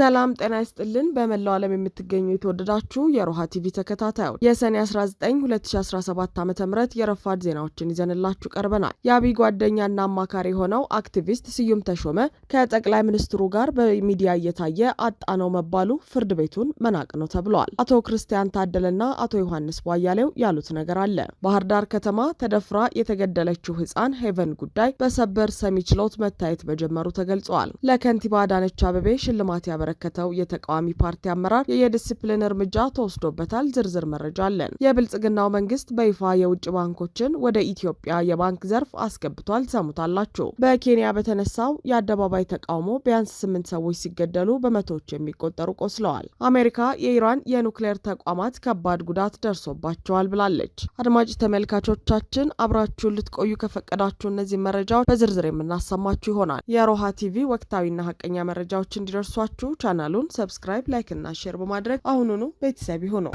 ሰላም ጤና ይስጥልን። በመላው ዓለም የምትገኙ የተወደዳችሁ የሮሃ ቲቪ ተከታታዮች የሰኔ 19 2017 ዓ ም የረፋድ ዜናዎችን ይዘንላችሁ ቀርበናል። የአብይ ጓደኛና አማካሪ የሆነው አክቲቪስት ስዩም ተሾመ ከጠቅላይ ሚኒስትሩ ጋር በሚዲያ እየታየ አጣ ነው መባሉ ፍርድ ቤቱን መናቅ ነው ተብለዋል። አቶ ክርስቲያን ታደለና አቶ ዮሐንስ ቧያሌው ያሉት ነገር አለ። ባህር ዳር ከተማ ተደፍራ የተገደለችው ህፃን ሄቨን ጉዳይ በሰበር ሰሚ ችሎት መታየት መጀመሩ ተገልጿል። ለከንቲባ አዳነች አበቤ ሽልማት ያበረ የተበረከተው የተቃዋሚ ፓርቲ አመራር የዲስፕሊን እርምጃ ተወስዶበታል። ዝርዝር መረጃ አለን። የብልጽግናው መንግስት በይፋ የውጭ ባንኮችን ወደ ኢትዮጵያ የባንክ ዘርፍ አስገብቷል። ሰሙታላችሁ። በኬንያ በተነሳው የአደባባይ ተቃውሞ ቢያንስ ስምንት ሰዎች ሲገደሉ በመቶዎች የሚቆጠሩ ቆስለዋል። አሜሪካ የኢራን የኑክሌር ተቋማት ከባድ ጉዳት ደርሶባቸዋል ብላለች። አድማጭ ተመልካቾቻችን አብራችሁን ልትቆዩ ከፈቀዳችሁ እነዚህ መረጃዎች በዝርዝር የምናሰማችሁ ይሆናል። የሮሃ ቲቪ ወቅታዊና ሀቀኛ መረጃዎች እንዲደርሷችሁ ቻናሉን ሰብስክራይብ፣ ላይክ እና ሼር በማድረግ አሁኑኑ ቤተሰብ ሆነው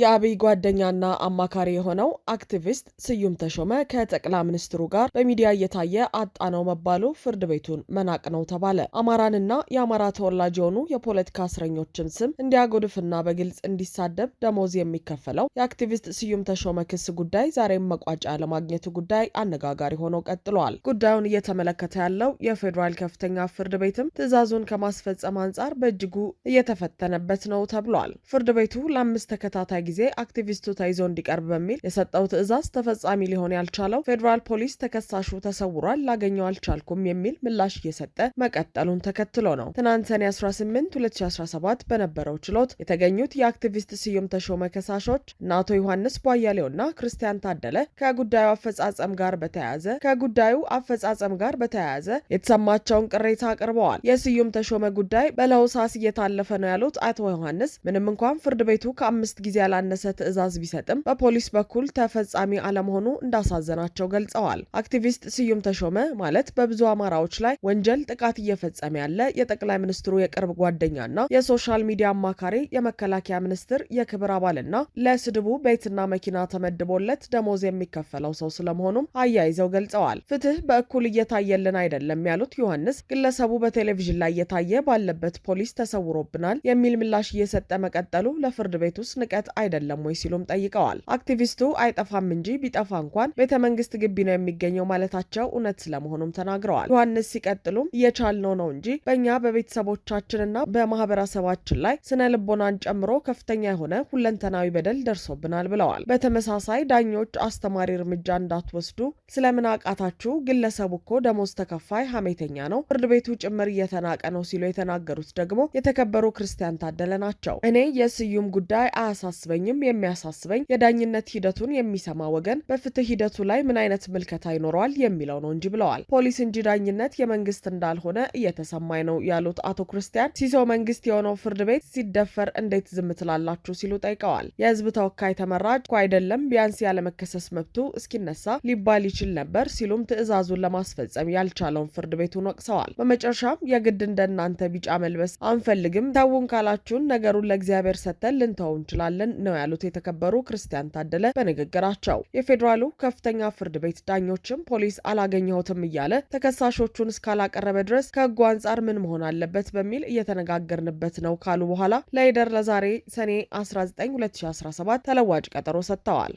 የአብይ ጓደኛና አማካሪ የሆነው አክቲቪስት ስዩም ተሾመ ከጠቅላይ ሚኒስትሩ ጋር በሚዲያ እየታየ አጣ ነው መባሉ ፍርድ ቤቱን መናቅ ነው ተባለ። አማራንና የአማራ ተወላጅ የሆኑ የፖለቲካ እስረኞችን ስም እንዲያጎድፍና በግልጽ እንዲሳደብ ደሞዝ የሚከፈለው የአክቲቪስት ስዩም ተሾመ ክስ ጉዳይ ዛሬም መቋጫ ለማግኘቱ ጉዳይ አነጋጋሪ ሆኖ ቀጥሏል። ጉዳዩን እየተመለከተ ያለው የፌዴራል ከፍተኛ ፍርድ ቤትም ትዕዛዙን ከማስፈጸም አንጻር በእጅጉ እየተፈተነበት ነው ተብሏል። ፍርድ ቤቱ ለአምስት ተከታታይ ጊዜ አክቲቪስቱ ተይዞ እንዲቀርብ በሚል የሰጠው ትዕዛዝ ተፈጻሚ ሊሆን ያልቻለው ፌዴራል ፖሊስ ተከሳሹ ተሰውሯል፣ ላገኘው አልቻልኩም የሚል ምላሽ እየሰጠ መቀጠሉን ተከትሎ ነው። ትናንት ሰኔ 18 2017 በነበረው ችሎት የተገኙት የአክቲቪስት ስዩም ተሾመ ከሳሾች እና አቶ ዮሐንስ ቧያሌውና ክርስቲያን ታደለ ከጉዳዩ አፈጻጸም ጋር በተያያዘ ከጉዳዩ አፈጻጸም ጋር በተያያዘ የተሰማቸውን ቅሬታ አቅርበዋል። የስዩም ተሾመ ጉዳይ በለውሳስ እየታለፈ ነው ያሉት አቶ ዮሐንስ ምንም እንኳን ፍርድ ቤቱ ከአምስት ጊዜ ያላ ያላነሰ ትዕዛዝ ቢሰጥም በፖሊስ በኩል ተፈጻሚ አለመሆኑ እንዳሳዘናቸው ገልጸዋል። አክቲቪስት ስዩም ተሾመ ማለት በብዙ አማራዎች ላይ ወንጀል ጥቃት እየፈጸመ ያለ የጠቅላይ ሚኒስትሩ የቅርብ ጓደኛና የሶሻል ሚዲያ አማካሪ የመከላከያ ሚኒስትር የክብር አባልና ለስድቡ ቤትና መኪና ተመድቦለት ደሞዝ የሚከፈለው ሰው ስለመሆኑም አያይዘው ገልጸዋል። ፍትህ በእኩል እየታየልን አይደለም ያሉት ዮሐንስ ግለሰቡ በቴሌቪዥን ላይ እየታየ ባለበት ፖሊስ ተሰውሮብናል የሚል ምላሽ እየሰጠ መቀጠሉ ለፍርድ ቤት ውስጥ ንቀት አይ አይደለም ወይ ሲሉም ጠይቀዋል። አክቲቪስቱ አይጠፋም እንጂ ቢጠፋ እንኳን ቤተ መንግስት ግቢ ነው የሚገኘው ማለታቸው እውነት ስለመሆኑም ተናግረዋል። ዮሐንስ ሲቀጥሉም እየቻልነው ነው እንጂ በእኛ በቤተሰቦቻችንና በማህበረሰባችን ላይ ስነ ልቦናን ጨምሮ ከፍተኛ የሆነ ሁለንተናዊ በደል ደርሶብናል ብለዋል። በተመሳሳይ ዳኞች አስተማሪ እርምጃ እንዳትወስዱ ስለምን አቃታችሁ? ግለሰቡ እኮ ደሞዝ ተከፋይ ሀሜተኛ ነው፣ ፍርድ ቤቱ ጭምር እየተናቀ ነው ሲሉ የተናገሩት ደግሞ የተከበሩ ክርስቲያን ታደለ ናቸው። እኔ የስዩም ጉዳይ አያሳስበኝ ሲያሳስበኝም የሚያሳስበኝ የዳኝነት ሂደቱን የሚሰማ ወገን በፍትህ ሂደቱ ላይ ምን አይነት ምልከታ ይኖረዋል የሚለው ነው እንጂ ብለዋል። ፖሊስ እንጂ ዳኝነት የመንግስት እንዳልሆነ እየተሰማኝ ነው ያሉት አቶ ክርስቲያን ሲሶ መንግስት የሆነው ፍርድ ቤት ሲደፈር እንዴት ዝም ትላላችሁ ሲሉ ጠይቀዋል። የህዝብ ተወካይ ተመራጭ እኮ አይደለም ቢያንስ ያለመከሰስ መብቱ እስኪነሳ ሊባል ይችል ነበር ሲሉም ትዕዛዙን ለማስፈጸም ያልቻለውን ፍርድ ቤቱን ወቅሰዋል። በመጨረሻም የግድ እንደናንተ ቢጫ መልበስ አንፈልግም፣ ተውን ካላችሁን ነገሩን ለእግዚአብሔር ሰጥተን ልንተው እንችላለን ነው ያሉት የተከበሩ ክርስቲያን ታደለ በንግግራቸው። የፌዴራሉ ከፍተኛ ፍርድ ቤት ዳኞችም ፖሊስ አላገኘሁትም እያለ ተከሳሾቹን እስካላቀረበ ድረስ ከህጉ አንጻር ምን መሆን አለበት በሚል እየተነጋገርንበት ነው ካሉ በኋላ ለይደር ለዛሬ ሰኔ 19 2017 ተለዋጭ ቀጠሮ ሰጥተዋል።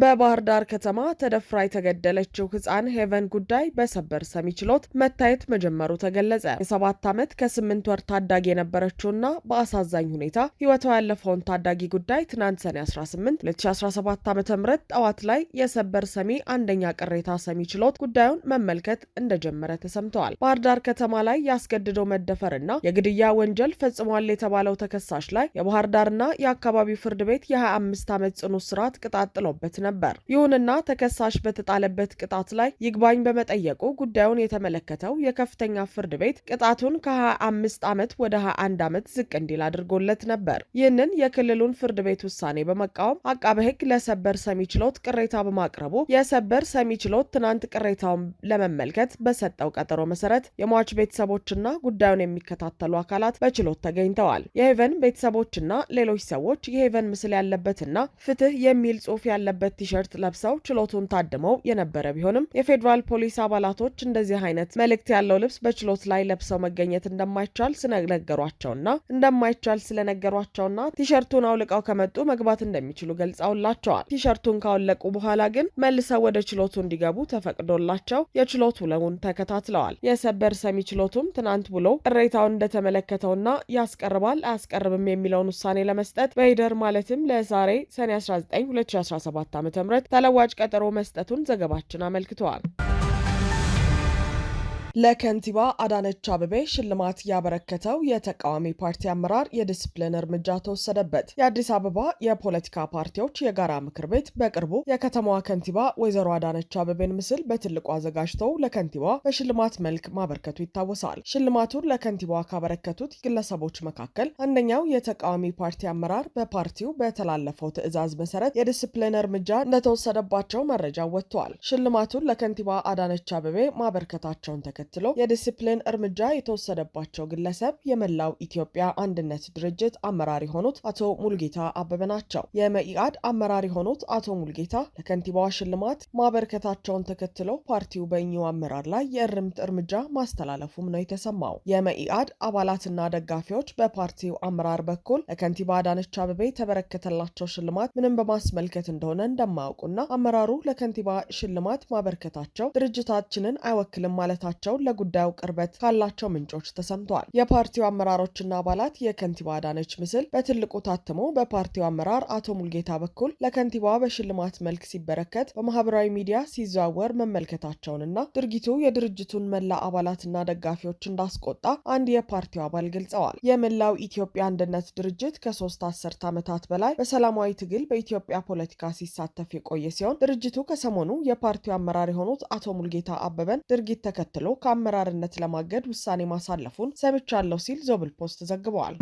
በባህር ዳር ከተማ ተደፍራ የተገደለችው ህፃን ሄቨን ጉዳይ በሰበር ሰሚ ችሎት መታየት መጀመሩ ተገለጸ። የሰባት ዓመት ከስምንት ወር ታዳጊ የነበረችውና በአሳዛኝ ሁኔታ ህይወቷ ያለፈውን ታዳጊ ጉዳይ ትናንት ሰኔ 18 2017 ዓ.ም ጠዋት ላይ የሰበር ሰሚ አንደኛ ቅሬታ ሰሚ ችሎት ጉዳዩን መመልከት እንደጀመረ ተሰምተዋል። ባህር ዳር ከተማ ላይ መደፈር መደፈርና የግድያ ወንጀል ፈጽሟል የተባለው ተከሳሽ ላይ የባህር ዳርና የአካባቢው ፍርድ ቤት የ25 ዓመት ጽኑ እስራት ቅጣት ጥሎበት ነው ነበር። ይሁንና ተከሳሽ በተጣለበት ቅጣት ላይ ይግባኝ በመጠየቁ ጉዳዩን የተመለከተው የከፍተኛ ፍርድ ቤት ቅጣቱን ከ25 ዓመት ወደ 21 ዓመት ዝቅ እንዲል አድርጎለት ነበር። ይህንን የክልሉን ፍርድ ቤት ውሳኔ በመቃወም አቃቤ ሕግ ለሰበር ሰሚ ችሎት ቅሬታ በማቅረቡ የሰበር ሰሚ ችሎት ትናንት ቅሬታውን ለመመልከት በሰጠው ቀጠሮ መሰረት የሟች ቤተሰቦችና ጉዳዩን የሚከታተሉ አካላት በችሎት ተገኝተዋል። የሄቨን ቤተሰቦችና ሌሎች ሰዎች የሄቨን ምስል ያለበትና ፍትህ የሚል ጽሑፍ ያለበት ቲሸርት ለብሰው ችሎቱን ታድመው የነበረ ቢሆንም የፌዴራል ፖሊስ አባላቶች እንደዚህ አይነት መልእክት ያለው ልብስ በችሎት ላይ ለብሰው መገኘት እንደማይቻል ስለነገሯቸውና እንደማይቻል ስለነገሯቸውና ቲሸርቱን አውልቀው ከመጡ መግባት እንደሚችሉ ገልጸውላቸዋል። ቲሸርቱን ካወለቁ በኋላ ግን መልሰው ወደ ችሎቱ እንዲገቡ ተፈቅዶላቸው የችሎት ውለውን ተከታትለዋል። የሰበር ሰሚ ችሎቱም ትናንት ብሎ ቅሬታውን እንደተመለከተውና ያስቀርባል አያስቀርብም የሚለውን ውሳኔ ለመስጠት በሂደር ማለትም ለዛሬ ሰኔ 19 2017 ዓ ም ተለዋጭ ቀጠሮ መስጠቱን ዘገባችን አመልክተዋል። ለከንቲባ አዳነች አበቤ ሽልማት ያበረከተው የተቃዋሚ ፓርቲ አመራር የዲስፕሊን እርምጃ ተወሰደበት። የአዲስ አበባ የፖለቲካ ፓርቲዎች የጋራ ምክር ቤት በቅርቡ የከተማዋ ከንቲባ ወይዘሮ አዳነች አበቤን ምስል በትልቁ አዘጋጅተው ለከንቲባ በሽልማት መልክ ማበርከቱ ይታወሳል። ሽልማቱን ለከንቲባ ካበረከቱት ግለሰቦች መካከል አንደኛው የተቃዋሚ ፓርቲ አመራር በፓርቲው በተላለፈው ትዕዛዝ መሰረት የዲስፕሊን እርምጃ እንደተወሰደባቸው መረጃ ወጥቷል። ሽልማቱን ለከንቲባ አዳነች አበቤ ማበርከታቸውን ተከትሎ የዲስፕሊን እርምጃ የተወሰደባቸው ግለሰብ የመላው ኢትዮጵያ አንድነት ድርጅት አመራር የሆኑት አቶ ሙልጌታ አበበ ናቸው። የመኢአድ አመራር የሆኑት አቶ ሙልጌታ ለከንቲባዋ ሽልማት ማበርከታቸውን ተከትሎ ፓርቲው በእኚሁ አመራር ላይ የእርምት እርምጃ ማስተላለፉም ነው የተሰማው። የመኢአድ አባላትና ደጋፊዎች በፓርቲው አመራር በኩል ለከንቲባ አዳነች አበቤ የተበረከተላቸው ሽልማት ምንም በማስመልከት እንደሆነ እንደማያውቁና አመራሩ ለከንቲባ ሽልማት ማበርከታቸው ድርጅታችንን አይወክልም ማለታቸው መሆናቸውን ለጉዳዩ ቅርበት ካላቸው ምንጮች ተሰምተዋል። የፓርቲው አመራሮችና አባላት የከንቲባ አዳነች ምስል በትልቁ ታትሞ በፓርቲው አመራር አቶ ሙልጌታ በኩል ለከንቲባዋ በሽልማት መልክ ሲበረከት በማህበራዊ ሚዲያ ሲዘዋወር መመልከታቸውንና ድርጊቱ የድርጅቱን መላ አባላትና ደጋፊዎች እንዳስቆጣ አንድ የፓርቲው አባል ገልጸዋል። የመላው ኢትዮጵያ አንድነት ድርጅት ከሶስት አስርት ዓመታት በላይ በሰላማዊ ትግል በኢትዮጵያ ፖለቲካ ሲሳተፍ የቆየ ሲሆን ድርጅቱ ከሰሞኑ የፓርቲው አመራር የሆኑት አቶ ሙልጌታ አበበን ድርጊት ተከትሎ ከአመራርነት ለማገድ ውሳኔ ማሳለፉን ሰምቻለሁ ሲል ዞብል ፖስት ዘግበዋል።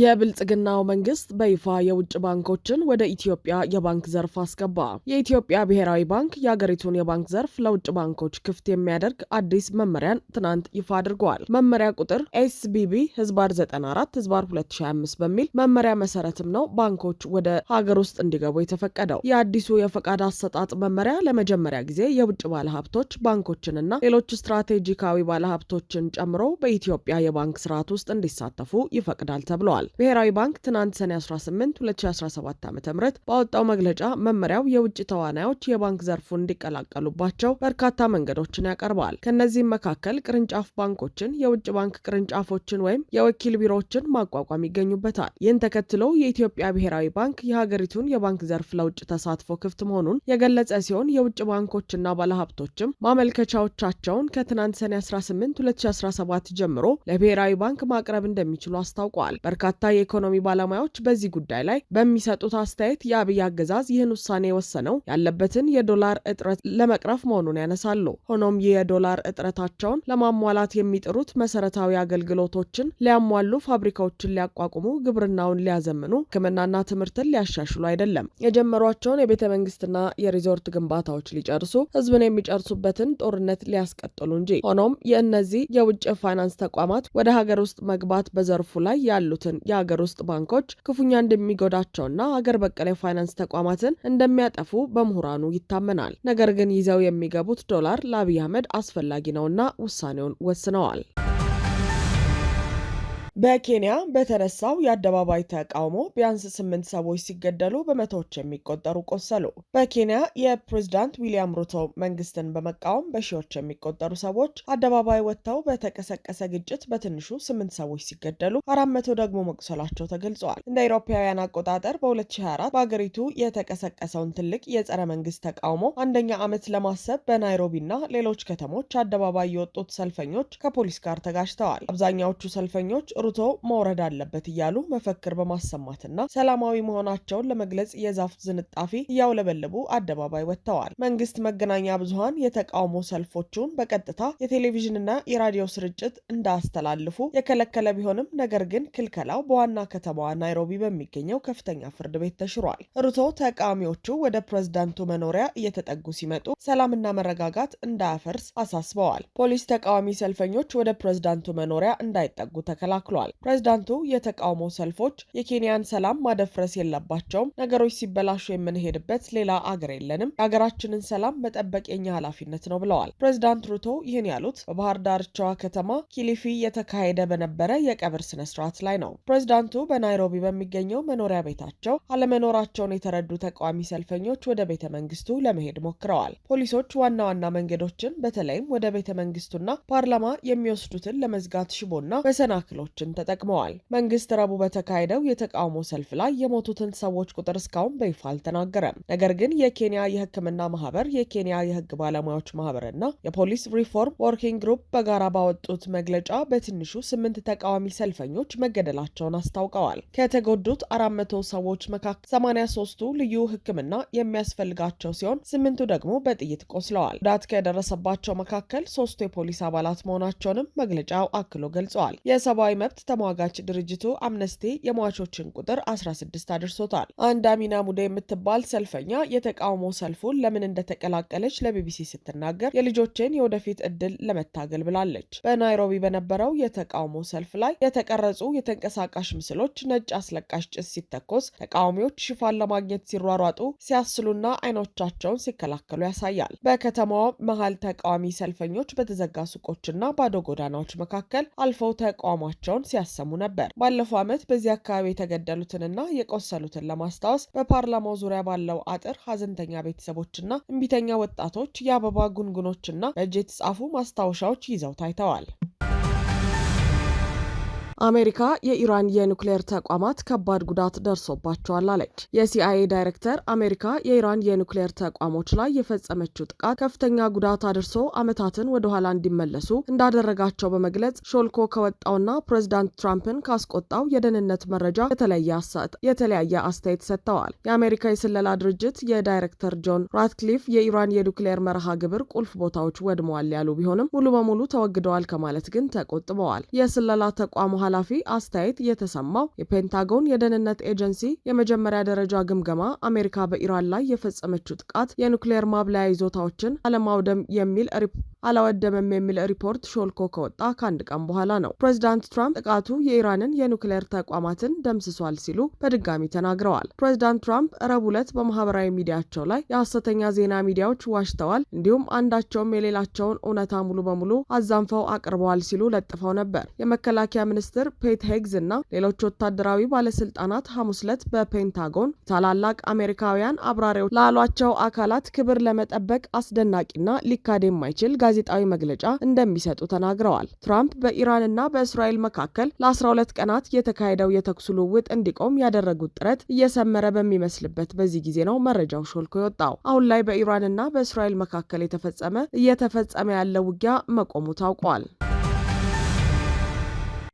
የብልጽግናው መንግስት በይፋ የውጭ ባንኮችን ወደ ኢትዮጵያ የባንክ ዘርፍ አስገባ። የኢትዮጵያ ብሔራዊ ባንክ የአገሪቱን የባንክ ዘርፍ ለውጭ ባንኮች ክፍት የሚያደርግ አዲስ መመሪያን ትናንት ይፋ አድርገዋል። መመሪያ ቁጥር ኤስቢቢ ህዝባር 94 ህዝባር 2025 በሚል መመሪያ መሰረትም ነው ባንኮች ወደ ሀገር ውስጥ እንዲገቡ የተፈቀደው። የአዲሱ የፈቃድ አሰጣጥ መመሪያ ለመጀመሪያ ጊዜ የውጭ ባለሀብቶች ባንኮችንና ሌሎች ስትራቴጂካዊ ባለሀብቶችን ጨምሮ በኢትዮጵያ የባንክ ስርዓት ውስጥ እንዲሳተፉ ይፈቅዳል ተብለዋል። ገልጿል። ብሔራዊ ባንክ ትናንት ሰኔ 18 2017 ዓ ም ባወጣው መግለጫ መመሪያው የውጭ ተዋናዮች የባንክ ዘርፉን እንዲቀላቀሉባቸው በርካታ መንገዶችን ያቀርባል። ከእነዚህም መካከል ቅርንጫፍ ባንኮችን፣ የውጭ ባንክ ቅርንጫፎችን ወይም የወኪል ቢሮዎችን ማቋቋም ይገኙበታል። ይህን ተከትሎ የኢትዮጵያ ብሔራዊ ባንክ የሀገሪቱን የባንክ ዘርፍ ለውጭ ተሳትፎ ክፍት መሆኑን የገለጸ ሲሆን የውጭ ባንኮችና ባለሀብቶችም ማመልከቻዎቻቸውን ከትናንት ሰኔ 18 2017 ጀምሮ ለብሔራዊ ባንክ ማቅረብ እንደሚችሉ አስታውቋል። በርካታ በርካታ የኢኮኖሚ ባለሙያዎች በዚህ ጉዳይ ላይ በሚሰጡት አስተያየት የአብይ አገዛዝ ይህን ውሳኔ የወሰነው ያለበትን የዶላር እጥረት ለመቅረፍ መሆኑን ያነሳሉ። ሆኖም ይህ የዶላር እጥረታቸውን ለማሟላት የሚጥሩት መሰረታዊ አገልግሎቶችን ሊያሟሉ፣ ፋብሪካዎችን ሊያቋቁሙ፣ ግብርናውን ሊያዘምኑ፣ ሕክምናና ትምህርትን ሊያሻሽሉ አይደለም። የጀመሯቸውን የቤተ መንግስትና የሪዞርት ግንባታዎች ሊጨርሱ፣ ህዝብን የሚጨርሱበትን ጦርነት ሊያስቀጥሉ እንጂ ሆኖም የእነዚህ የውጭ ፋይናንስ ተቋማት ወደ ሀገር ውስጥ መግባት በዘርፉ ላይ ያሉትን የአገር ውስጥ ባንኮች ክፉኛ እንደሚጎዳቸውና አገር በቀል የፋይናንስ ተቋማትን እንደሚያጠፉ በምሁራኑ ይታመናል። ነገር ግን ይዘው የሚገቡት ዶላር ለአብይ አህመድ አስፈላጊ ነውና ውሳኔውን ወስነዋል። በኬንያ በተነሳው የአደባባይ ተቃውሞ ቢያንስ ስምንት ሰዎች ሲገደሉ በመቶዎች የሚቆጠሩ ቆሰሉ። በኬንያ የፕሬዝዳንት ዊሊያም ሩቶ መንግስትን በመቃወም በሺዎች የሚቆጠሩ ሰዎች አደባባይ ወጥተው በተቀሰቀሰ ግጭት በትንሹ ስምንት ሰዎች ሲገደሉ አራት መቶ ደግሞ መቁሰላቸው ተገልጸዋል። እንደ አውሮፓውያን አቆጣጠር በ2024 በአገሪቱ የተቀሰቀሰውን ትልቅ የጸረ መንግስት ተቃውሞ አንደኛ ዓመት ለማሰብ በናይሮቢና ሌሎች ከተሞች አደባባይ የወጡት ሰልፈኞች ከፖሊስ ጋር ተጋጭተዋል። አብዛኛዎቹ ሰልፈኞች ጠርቶ መውረድ አለበት እያሉ መፈክር በማሰማትና ሰላማዊ መሆናቸውን ለመግለጽ የዛፍ ዝንጣፊ እያውለበለቡ አደባባይ ወጥተዋል። መንግስት መገናኛ ብዙኃን የተቃውሞ ሰልፎቹን በቀጥታ የቴሌቪዥንና የራዲዮ ስርጭት እንዳያስተላልፉ የከለከለ ቢሆንም ነገር ግን ክልከላው በዋና ከተማዋ ናይሮቢ በሚገኘው ከፍተኛ ፍርድ ቤት ተሽሯል። ሩቶ ተቃዋሚዎቹ ወደ ፕሬዝዳንቱ መኖሪያ እየተጠጉ ሲመጡ ሰላምና መረጋጋት እንዳያፈርስ አሳስበዋል። ፖሊስ ተቃዋሚ ሰልፈኞች ወደ ፕሬዝዳንቱ መኖሪያ እንዳይጠጉ ተከላክሏል። ተብሏል። ፕሬዚዳንቱ የተቃውሞ ሰልፎች የኬንያን ሰላም ማደፍረስ የለባቸውም፣ ነገሮች ሲበላሹ የምንሄድበት ሌላ አገር የለንም፣ የሀገራችንን ሰላም መጠበቅ የኛ ኃላፊነት ነው ብለዋል። ፕሬዚዳንት ሩቶ ይህን ያሉት በባህር ዳርቻዋ ከተማ ኪሊፊ የተካሄደ በነበረ የቀብር ስነ ስርዓት ላይ ነው። ፕሬዚዳንቱ በናይሮቢ በሚገኘው መኖሪያ ቤታቸው አለመኖራቸውን የተረዱ ተቃዋሚ ሰልፈኞች ወደ ቤተ መንግስቱ ለመሄድ ሞክረዋል። ፖሊሶች ዋና ዋና መንገዶችን በተለይም ወደ ቤተ መንግስቱና ፓርላማ የሚወስዱትን ለመዝጋት ሽቦና መሰናክሎችን ቃሎችን ተጠቅመዋል። መንግስት ረቡዕ በተካሄደው የተቃውሞ ሰልፍ ላይ የሞቱትን ሰዎች ቁጥር እስካሁን በይፋ አልተናገረም። ነገር ግን የኬንያ የሕክምና ማህበር፣ የኬንያ የህግ ባለሙያዎች ማህበርና የፖሊስ ሪፎርም ወርኪንግ ግሩፕ በጋራ ባወጡት መግለጫ በትንሹ ስምንት ተቃዋሚ ሰልፈኞች መገደላቸውን አስታውቀዋል። ከተጎዱት አራት መቶ ሰዎች መካከል ሰማንያ ሶስቱ ልዩ ሕክምና የሚያስፈልጋቸው ሲሆን ስምንቱ ደግሞ በጥይት ቆስለዋል። ጉዳት ከደረሰባቸው መካከል ሶስቱ የፖሊስ አባላት መሆናቸውንም መግለጫው አክሎ ገልጸዋል። የሰብአዊ መብት መብት ተሟጋች ድርጅቱ አምነስቲ የሟቾችን ቁጥር 16 አድርሶታል። አንድ አሚና ሙዴ የምትባል ሰልፈኛ የተቃውሞ ሰልፉን ለምን እንደተቀላቀለች ለቢቢሲ ስትናገር የልጆችን የወደፊት እድል ለመታገል ብላለች። በናይሮቢ በነበረው የተቃውሞ ሰልፍ ላይ የተቀረጹ የተንቀሳቃሽ ምስሎች ነጭ አስለቃሽ ጭስ ሲተኮስ ተቃዋሚዎች ሽፋን ለማግኘት ሲሯሯጡ፣ ሲያስሉና አይኖቻቸውን ሲከላከሉ ያሳያል። በከተማዋ መሀል ተቃዋሚ ሰልፈኞች በተዘጋ ሱቆችና ባዶ ጎዳናዎች መካከል አልፈው ተቃውሟቸውን ድምጻቸውን ሲያሰሙ ነበር። ባለፈው ዓመት በዚህ አካባቢ የተገደሉትንና የቆሰሉትን ለማስታወስ በፓርላማው ዙሪያ ባለው አጥር ሀዘንተኛ ቤተሰቦችና እምቢተኛ ወጣቶች የአበባ ጉንጉኖችና በእጅ የተጻፉ ማስታወሻዎች ይዘው ታይተዋል። አሜሪካ የኢራን የኒውክሌር ተቋማት ከባድ ጉዳት ደርሶባቸዋል አለች። የሲአይኤ ዳይሬክተር አሜሪካ የኢራን የኒውክሌር ተቋሞች ላይ የፈጸመችው ጥቃት ከፍተኛ ጉዳት አድርሶ ዓመታትን ወደኋላ እንዲመለሱ እንዳደረጋቸው በመግለጽ ሾልኮ ከወጣውና ፕሬዚዳንት ትራምፕን ካስቆጣው የደህንነት መረጃ የተለያየ አስተያየት ሰጥተዋል። የአሜሪካ የስለላ ድርጅት የዳይሬክተር ጆን ራትክሊፍ የኢራን የኒውክሌር መርሃ ግብር ቁልፍ ቦታዎች ወድመዋል ያሉ ቢሆንም ሙሉ በሙሉ ተወግደዋል ከማለት ግን ተቆጥበዋል። የስለላ ተቋሙ ኃላፊ አስተያየት የተሰማው የፔንታጎን የደህንነት ኤጀንሲ የመጀመሪያ ደረጃ ግምገማ አሜሪካ በኢራን ላይ የፈጸመችው ጥቃት የኑክሌር ማብላያ ይዞታዎችን አለማውደም የሚል አላወደመም የሚል ሪፖርት ሾልኮ ከወጣ ከአንድ ቀን በኋላ ነው። ፕሬዚዳንት ትራምፕ ጥቃቱ የኢራንን የኑክሌር ተቋማትን ደምስሷል ሲሉ በድጋሚ ተናግረዋል። ፕሬዚዳንት ትራምፕ ረቡዕ ዕለት በማህበራዊ ሚዲያቸው ላይ የሐሰተኛ ዜና ሚዲያዎች ዋሽተዋል፣ እንዲሁም አንዳቸውም የሌላቸውን እውነታ ሙሉ በሙሉ አዛንፈው አቅርበዋል ሲሉ ለጥፈው ነበር። የመከላከያ ሚኒስትር ሚኒስትር ፔት ሄግዝ እና ሌሎች ወታደራዊ ባለስልጣናት ሐሙስ ዕለት በፔንታጎን ታላላቅ አሜሪካውያን አብራሪዎች ላሏቸው አካላት ክብር ለመጠበቅ አስደናቂና ሊካድ የማይችል ጋዜጣዊ መግለጫ እንደሚሰጡ ተናግረዋል። ትራምፕ በኢራንና በእስራኤል መካከል ለ12 ቀናት የተካሄደው የተኩስ ልውውጥ እንዲቆም ያደረጉት ጥረት እየሰመረ በሚመስልበት በዚህ ጊዜ ነው መረጃው ሾልኮ የወጣው። አሁን ላይ በኢራንና በእስራኤል መካከል የተፈጸመ እየተፈጸመ ያለው ውጊያ መቆሙ ታውቋል።